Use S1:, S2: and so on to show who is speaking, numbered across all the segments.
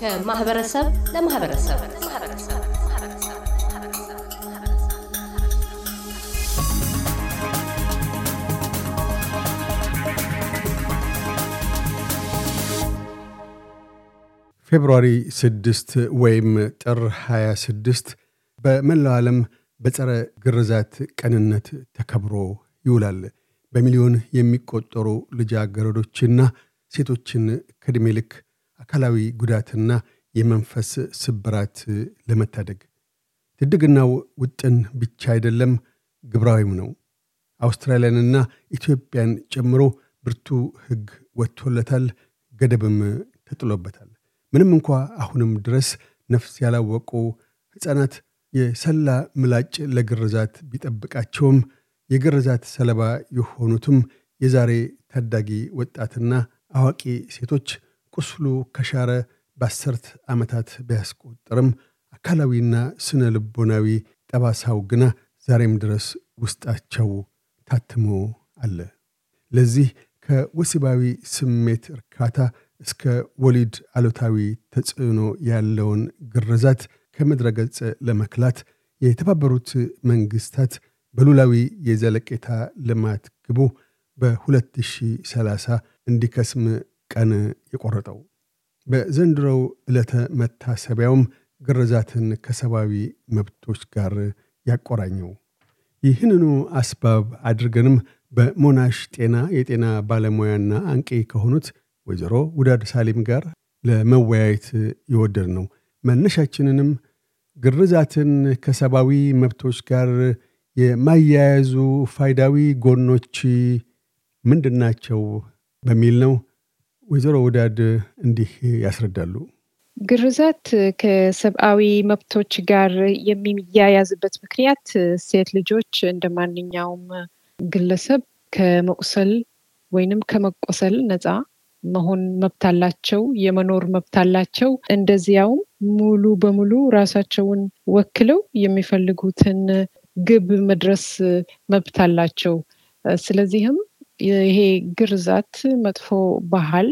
S1: ከማህበረሰብ ለማህበረሰብ ማህበረሰብ ፌብርዋሪ 6 ወይም ጥር 26 በመላው ዓለም በጸረ ግርዛት ቀንነት ተከብሮ ይውላል። በሚሊዮን የሚቆጠሩ ልጃገረዶችና ሴቶችን ከድሜ ልክ አካላዊ ጉዳትና የመንፈስ ስብራት ለመታደግ ድድግናው ውጥን ብቻ አይደለም፣ ግብራዊም ነው። አውስትራሊያንና ኢትዮጵያን ጨምሮ ብርቱ ህግ ወጥቶለታል፣ ገደብም ተጥሎበታል። ምንም እንኳ አሁንም ድረስ ነፍስ ያላወቁ ሕፃናት የሰላ ምላጭ ለግርዛት ቢጠብቃቸውም የግርዛት ሰለባ የሆኑትም የዛሬ ታዳጊ ወጣትና አዋቂ ሴቶች ቁስሉ ከሻረ በአስርት ዓመታት ቢያስቆጥርም አካላዊና ስነ ልቦናዊ ጠባሳው ግና ዛሬም ድረስ ውስጣቸው ታትሞ አለ። ለዚህ ከወሲባዊ ስሜት እርካታ እስከ ወሊድ አሉታዊ ተጽዕኖ ያለውን ግርዛት ከመድረገጽ ለመክላት የተባበሩት መንግስታት በሉላዊ የዘለቄታ ልማት ግቡ በ2030 እንዲከስም ቀን የቆረጠው። በዘንድሮው ዕለተ መታሰቢያውም ግርዛትን ከሰብአዊ መብቶች ጋር ያቆራኘው። ይህንኑ አስባብ አድርገንም በሞናሽ ጤና የጤና ባለሙያና አንቂ ከሆኑት ወይዘሮ ውዳድ ሳሊም ጋር ለመወያየት የወደድ ነው። መነሻችንንም ግርዛትን ከሰብአዊ መብቶች ጋር የማያያዙ ፋይዳዊ ጎኖች ምንድን ናቸው በሚል ነው። ወይዘሮ ውዳድ እንዲህ ያስረዳሉ።
S2: ግርዛት ከሰብአዊ መብቶች ጋር የሚያያዝበት ምክንያት ሴት ልጆች እንደ ማንኛውም ግለሰብ ከመቁሰል ወይንም ከመቆሰል ነፃ መሆን መብት አላቸው፣ የመኖር መብት አላቸው። እንደዚያውም ሙሉ በሙሉ ራሳቸውን ወክለው የሚፈልጉትን ግብ መድረስ መብት አላቸው። ስለዚህም ይሄ ግርዛት መጥፎ ባህል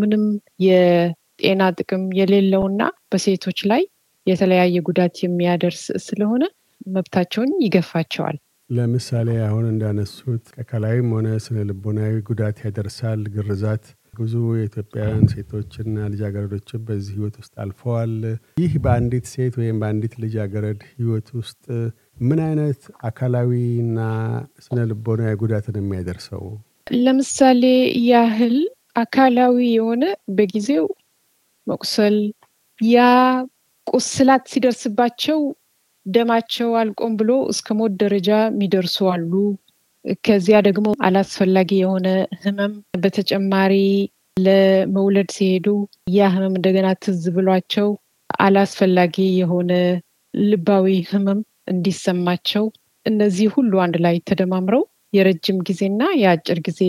S2: ምንም የጤና ጥቅም የሌለውና በሴቶች ላይ የተለያየ ጉዳት የሚያደርስ ስለሆነ መብታቸውን ይገፋቸዋል።
S1: ለምሳሌ አሁን እንዳነሱት አካላዊም ሆነ ስነ ልቦናዊ ጉዳት ያደርሳል ግርዛት ብዙ የኢትዮጵያውያን ሴቶችና ልጃገረዶችን በዚህ ህይወት ውስጥ አልፈዋል። ይህ በአንዲት ሴት ወይም በአንዲት ልጃገረድ ህይወት ውስጥ ምን አይነት አካላዊና ስነ ልቦናዊ ጉዳትን የሚያደርሰው?
S2: ለምሳሌ ያህል አካላዊ የሆነ በጊዜው መቁሰል፣ ያ ቁስላት ሲደርስባቸው ደማቸው አልቆም ብሎ እስከ ሞት ደረጃ የሚደርሱ አሉ። ከዚያ ደግሞ አላስፈላጊ የሆነ ህመም በተጨማሪ ለመውለድ ሲሄዱ ያ ህመም እንደገና ትዝ ብሏቸው አላስፈላጊ የሆነ ልባዊ ህመም እንዲሰማቸው እነዚህ ሁሉ አንድ ላይ ተደማምረው የረጅም ጊዜና የአጭር ጊዜ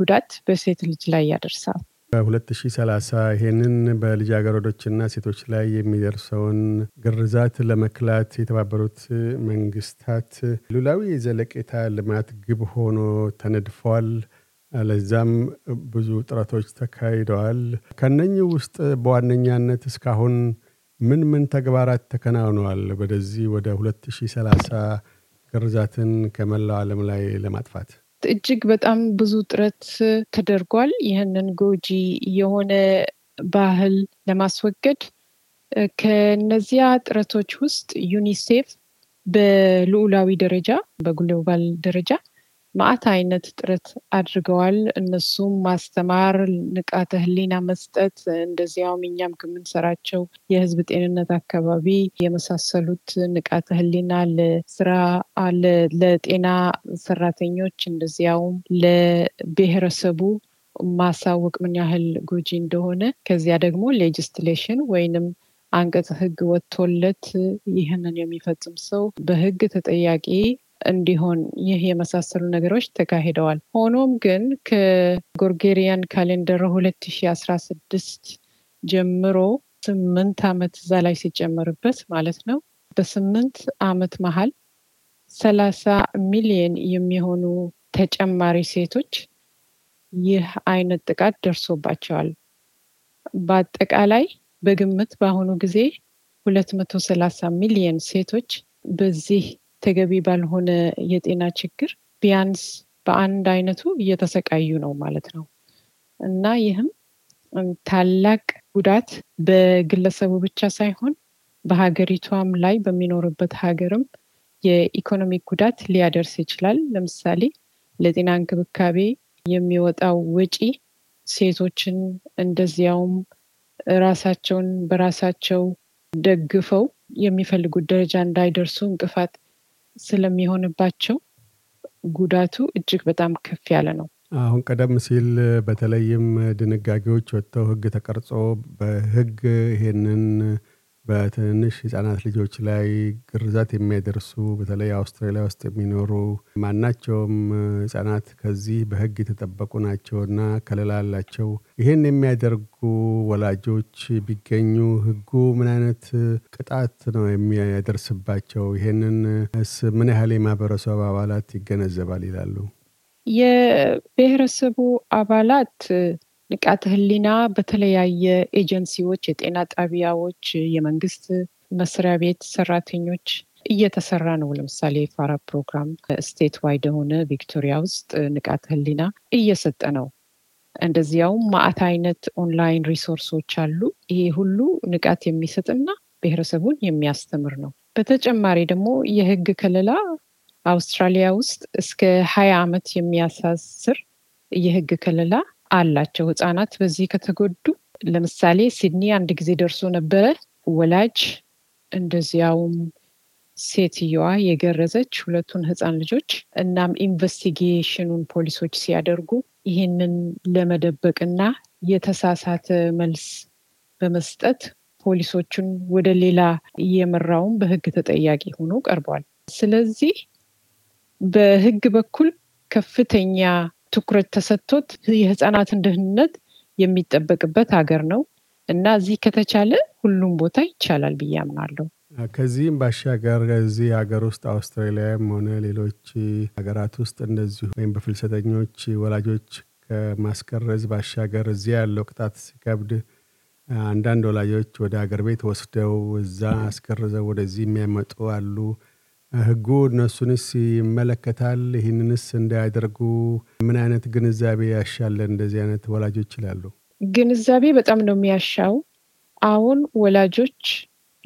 S2: ጉዳት በሴት ልጅ ላይ ያደርሳል።
S1: በ2030 ይሄንን በልጃገረዶችና ሴቶች ላይ የሚደርሰውን ግርዛት ለመክላት የተባበሩት መንግስታት ሉላዊ የዘለቄታ ልማት ግብ ሆኖ ተነድፏል። ለዛም ብዙ ጥረቶች ተካሂደዋል። ከነኚህ ውስጥ በዋነኛነት እስካሁን ምን ምን ተግባራት ተከናውነዋል? ወደዚህ ወደ 2030 ግርዛትን ከመላው ዓለም ላይ ለማጥፋት
S2: እጅግ በጣም ብዙ ጥረት ተደርጓል። ይህንን ጎጂ የሆነ ባህል ለማስወገድ ከነዚያ ጥረቶች ውስጥ ዩኒሴፍ በልዑላዊ ደረጃ በግሎባል ደረጃ ማአት አይነት ጥረት አድርገዋል። እነሱም ማስተማር፣ ንቃተ ህሊና መስጠት፣ እንደዚያውም እኛም ከምንሰራቸው የህዝብ ጤንነት አካባቢ የመሳሰሉት ንቃተ ህሊና ለስራ ለጤና ሰራተኞች እንደዚያውም ለብሔረሰቡ ማሳወቅ ምን ያህል ጎጂ እንደሆነ ከዚያ ደግሞ ሌጅስሌሽን ወይንም አንቀጽ ህግ ወጥቶለት ይህንን የሚፈጽም ሰው በህግ ተጠያቂ እንዲሆን ይህ የመሳሰሉ ነገሮች ተካሂደዋል። ሆኖም ግን ከጎርጌሪያን ካሌንደር 2016 ጀምሮ ስምንት ዓመት እዛ ላይ ሲጨመርበት ማለት ነው በስምንት ዓመት መሀል ሰላሳ ሚሊየን የሚሆኑ ተጨማሪ ሴቶች ይህ አይነት ጥቃት ደርሶባቸዋል። በአጠቃላይ በግምት በአሁኑ ጊዜ ሁለት መቶ ሰላሳ ሚሊየን ሴቶች በዚህ ተገቢ ባልሆነ የጤና ችግር ቢያንስ በአንድ አይነቱ እየተሰቃዩ ነው ማለት ነው እና ይህም ታላቅ ጉዳት በግለሰቡ ብቻ ሳይሆን በሀገሪቷም ላይ በሚኖርበት ሀገርም የኢኮኖሚ ጉዳት ሊያደርስ ይችላል። ለምሳሌ ለጤና እንክብካቤ የሚወጣው ወጪ ሴቶችን እንደዚያውም ራሳቸውን በራሳቸው ደግፈው የሚፈልጉት ደረጃ እንዳይደርሱ እንቅፋት ስለሚሆንባቸው ጉዳቱ እጅግ በጣም ከፍ ያለ ነው።
S1: አሁን ቀደም ሲል በተለይም ድንጋጌዎች ወጥተው ህግ ተቀርጾ በህግ ይሄንን በትንንሽ ህጻናት ልጆች ላይ ግርዛት የሚያደርሱ በተለይ አውስትራሊያ ውስጥ የሚኖሩ ማናቸውም ህጻናት ከዚህ በህግ የተጠበቁ ናቸውና ከለላ አላቸው። ይህን የሚያደርጉ ወላጆች ቢገኙ ህጉ ምን አይነት ቅጣት ነው የሚያደርስባቸው? ይህንንስ ምን ያህል የማህበረሰብ አባላት ይገነዘባል ይላሉ?
S2: የብሔረሰቡ አባላት ንቃተ ህሊና በተለያየ ኤጀንሲዎች፣ የጤና ጣቢያዎች፣ የመንግስት መስሪያ ቤት ሰራተኞች እየተሰራ ነው። ለምሳሌ ፋራ ፕሮግራም ስቴት ዋይድ የሆነ ቪክቶሪያ ውስጥ ንቃተ ህሊና እየሰጠ ነው። እንደዚያውም ማዕት አይነት ኦንላይን ሪሶርሶች አሉ። ይሄ ሁሉ ንቃት የሚሰጥና ብሔረሰቡን የሚያስተምር ነው። በተጨማሪ ደግሞ የህግ ከለላ አውስትራሊያ ውስጥ እስከ ሀያ ዓመት የሚያሳስር የህግ ከለላ አላቸው። ህጻናት በዚህ ከተጎዱ ለምሳሌ ሲድኒ አንድ ጊዜ ደርሶ ነበረ። ወላጅ እንደዚያውም ሴትየዋ የገረዘች ሁለቱን ህፃን ልጆች። እናም ኢንቨስቲጌሽኑን ፖሊሶች ሲያደርጉ ይህንን ለመደበቅና የተሳሳተ መልስ በመስጠት ፖሊሶቹን ወደ ሌላ እየመራውን በህግ ተጠያቂ ሆኖ ቀርቧል። ስለዚህ በህግ በኩል ከፍተኛ ትኩረት ተሰጥቶት የህፃናትን ደህንነት የሚጠበቅበት ሀገር ነው እና እዚህ ከተቻለ ሁሉም ቦታ ይቻላል ብዬ አምናለሁ።
S1: ከዚህም ባሻገር እዚህ ሀገር ውስጥ አውስትራሊያም ሆነ ሌሎች ሀገራት ውስጥ እንደዚሁ ወይም በፍልሰተኞች ወላጆች ከማስገረዝ ባሻገር እዚህ ያለው ቅጣት ሲከብድ አንዳንድ ወላጆች ወደ ሀገር ቤት ወስደው እዛ አስገርዘው ወደዚህ የሚያመጡ አሉ። ህጉ እነሱንስ ይመለከታል? ይህንንስ እንዳያደርጉ ምን አይነት ግንዛቤ ያሻለን እንደዚህ አይነት ወላጆች ይላሉ።
S2: ግንዛቤ በጣም ነው የሚያሻው። አሁን ወላጆች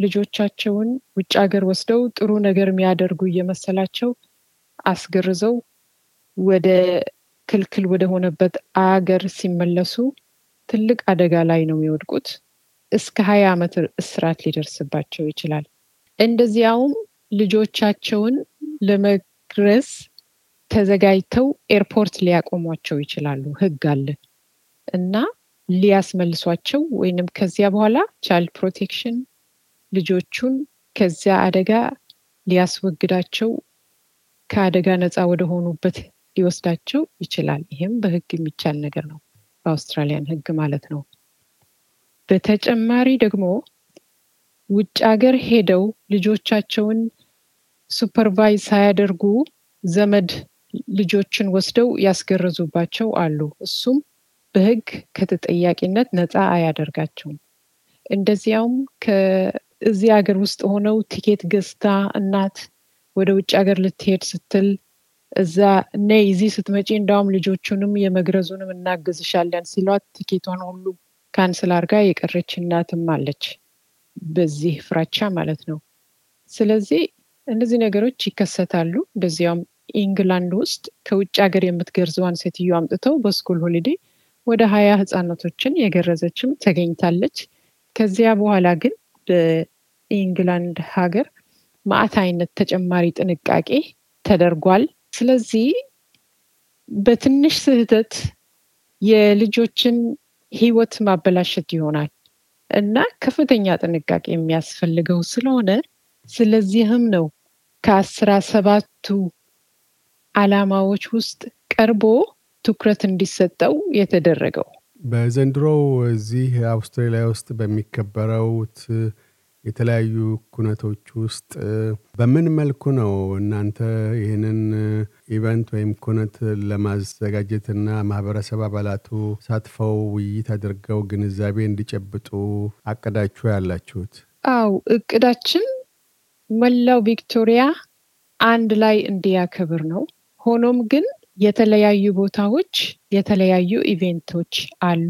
S2: ልጆቻቸውን ውጭ ሀገር ወስደው ጥሩ ነገር የሚያደርጉ እየመሰላቸው አስገርዘው ወደ ክልክል ወደሆነበት አገር ሲመለሱ ትልቅ አደጋ ላይ ነው የሚወድቁት። እስከ ሀያ ዓመት እስራት ሊደርስባቸው ይችላል። እንደዚያውም ልጆቻቸውን ለመግረስ ተዘጋጅተው ኤርፖርት ሊያቆሟቸው ይችላሉ። ህግ አለ እና ሊያስመልሷቸው ወይንም ከዚያ በኋላ ቻይልድ ፕሮቴክሽን ልጆቹን ከዚያ አደጋ ሊያስወግዳቸው ከአደጋ ነፃ ወደሆኑበት ሊወስዳቸው ይችላል። ይህም በህግ የሚቻል ነገር ነው፣ በአውስትራሊያን ህግ ማለት ነው። በተጨማሪ ደግሞ ውጭ ሀገር ሄደው ልጆቻቸውን ሱፐርቫይዝ ሳያደርጉ ዘመድ ልጆችን ወስደው ያስገረዙባቸው አሉ። እሱም በህግ ከተጠያቂነት ነፃ አያደርጋቸውም። እንደዚያውም ከእዚህ ሀገር ውስጥ ሆነው ቲኬት ገዝታ እናት ወደ ውጭ ሀገር ልትሄድ ስትል እዛ እነ እዚህ ስትመጪ እንዳውም ልጆቹንም የመግረዙንም እናግዝሻለን ሲሏት ቲኬቷን ሁሉ ካንስል አርጋ የቀረች እናትም አለች። በዚህ ፍራቻ ማለት ነው። ስለዚህ እነዚህ ነገሮች ይከሰታሉ። በዚያም ኢንግላንድ ውስጥ ከውጭ ሀገር የምትገርዘዋን ሴትዮ አምጥተው በስኩል ሆሊዴ ወደ ሀያ ህጻናቶችን የገረዘችም ተገኝታለች። ከዚያ በኋላ ግን በኢንግላንድ ሀገር ማአት አይነት ተጨማሪ ጥንቃቄ ተደርጓል። ስለዚህ በትንሽ ስህተት የልጆችን ህይወት ማበላሸት ይሆናል እና ከፍተኛ ጥንቃቄ የሚያስፈልገው ስለሆነ ስለዚህም ነው ከአስራ ሰባቱ አላማዎች ውስጥ ቀርቦ ትኩረት እንዲሰጠው የተደረገው።
S1: በዘንድሮ እዚህ አውስትራሊያ ውስጥ በሚከበረውት የተለያዩ ኩነቶች ውስጥ በምን መልኩ ነው እናንተ ይህንን ኢቨንት ወይም ኩነት ለማዘጋጀትና ማህበረሰብ አባላቱ ሳትፈው ውይይት አድርገው ግንዛቤ እንዲጨብጡ
S2: አቅዳችሁ ያላችሁት? አው እቅዳችን መላው ቪክቶሪያ አንድ ላይ እንዲያከብር ነው። ሆኖም ግን የተለያዩ ቦታዎች የተለያዩ ኢቬንቶች አሉ።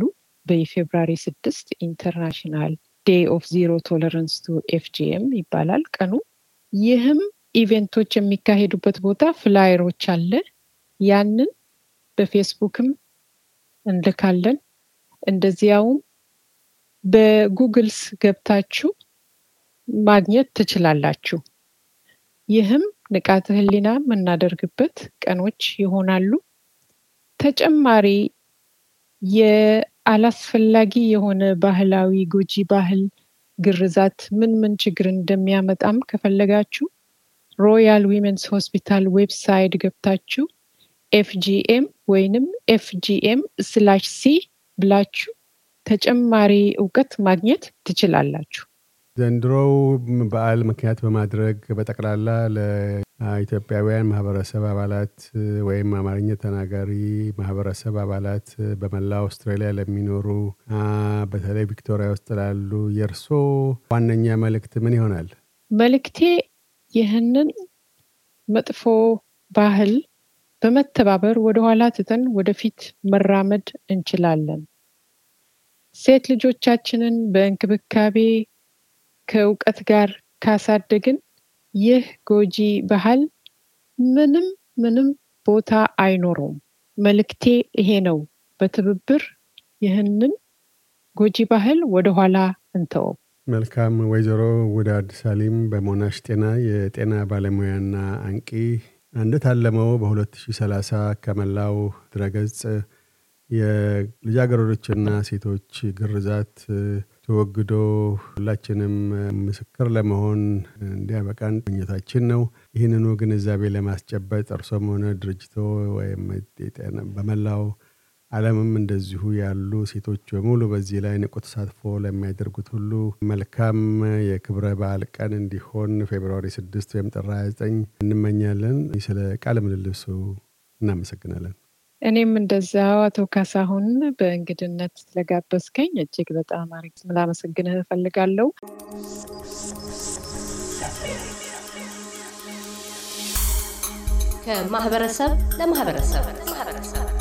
S2: በፌብራሪ ስድስት ኢንተርናሽናል ዴይ ኦፍ ዚሮ ቶለረንስ ቱ ኤፍጂኤም ይባላል ቀኑ። ይህም ኢቬንቶች የሚካሄዱበት ቦታ ፍላየሮች አለ። ያንን በፌስቡክም እንልካለን። እንደዚያውም በጉግልስ ገብታችሁ ማግኘት ትችላላችሁ። ይህም ንቃተ ህሊና የምናደርግበት ቀኖች ይሆናሉ። ተጨማሪ የአላስፈላጊ የሆነ ባህላዊ ጎጂ ባህል ግርዛት ምን ምን ችግር እንደሚያመጣም ከፈለጋችሁ ሮያል ዊሜንስ ሆስፒታል ዌብሳይት ገብታችሁ ኤፍጂኤም ወይንም ኤፍጂኤም ስላሽ ሲ ብላችሁ ተጨማሪ እውቀት ማግኘት ትችላላችሁ።
S1: ዘንድሮው በዓል ምክንያት በማድረግ በጠቅላላ ለኢትዮጵያውያን ማህበረሰብ አባላት ወይም አማርኛ ተናጋሪ ማህበረሰብ አባላት በመላ አውስትራሊያ ለሚኖሩ በተለይ ቪክቶሪያ ውስጥ ላሉ የእርሶ ዋነኛ መልእክት ምን ይሆናል?
S2: መልእክቴ ይህንን መጥፎ ባህል በመተባበር ወደኋላ ትተን ወደፊት መራመድ እንችላለን። ሴት ልጆቻችንን በእንክብካቤ ከእውቀት ጋር ካሳደግን ይህ ጎጂ ባህል ምንም ምንም ቦታ አይኖረውም። መልእክቴ ይሄ ነው። በትብብር ይህንን ጎጂ ባህል ወደኋላ እንተወው።
S1: መልካም። ወይዘሮ ውድ አዲስ አሊም በሞናሽ ጤና የጤና ባለሙያና አንቂ እንደታለመው በ2030 ከመላው ድረገጽ የልጃገረዶችና ሴቶች ግርዛት ተወግዶ ሁላችንም ምስክር ለመሆን እንዲያበቃን ምኞታችን ነው። ይህንኑ ግንዛቤ ለማስጨበጥ እርሶም ሆነ ድርጅቶ ወይም በመላው ዓለምም እንደዚሁ ያሉ ሴቶች በሙሉ በዚህ ላይ ንቁ ተሳትፎ ለሚያደርጉት ሁሉ መልካም የክብረ በዓል ቀን እንዲሆን ፌብርዋሪ 6 ወይም ጥር 29 እንመኛለን። ስለ ቃለ ምልልሱ እናመሰግናለን።
S2: እኔም እንደዛው አቶ ካሳሁን በእንግድነት ስለጋበዝከኝ እጅግ በጣም አሪፍ ላመሰግንህ እፈልጋለሁ። ከማህበረሰብ
S1: ለማህበረሰብ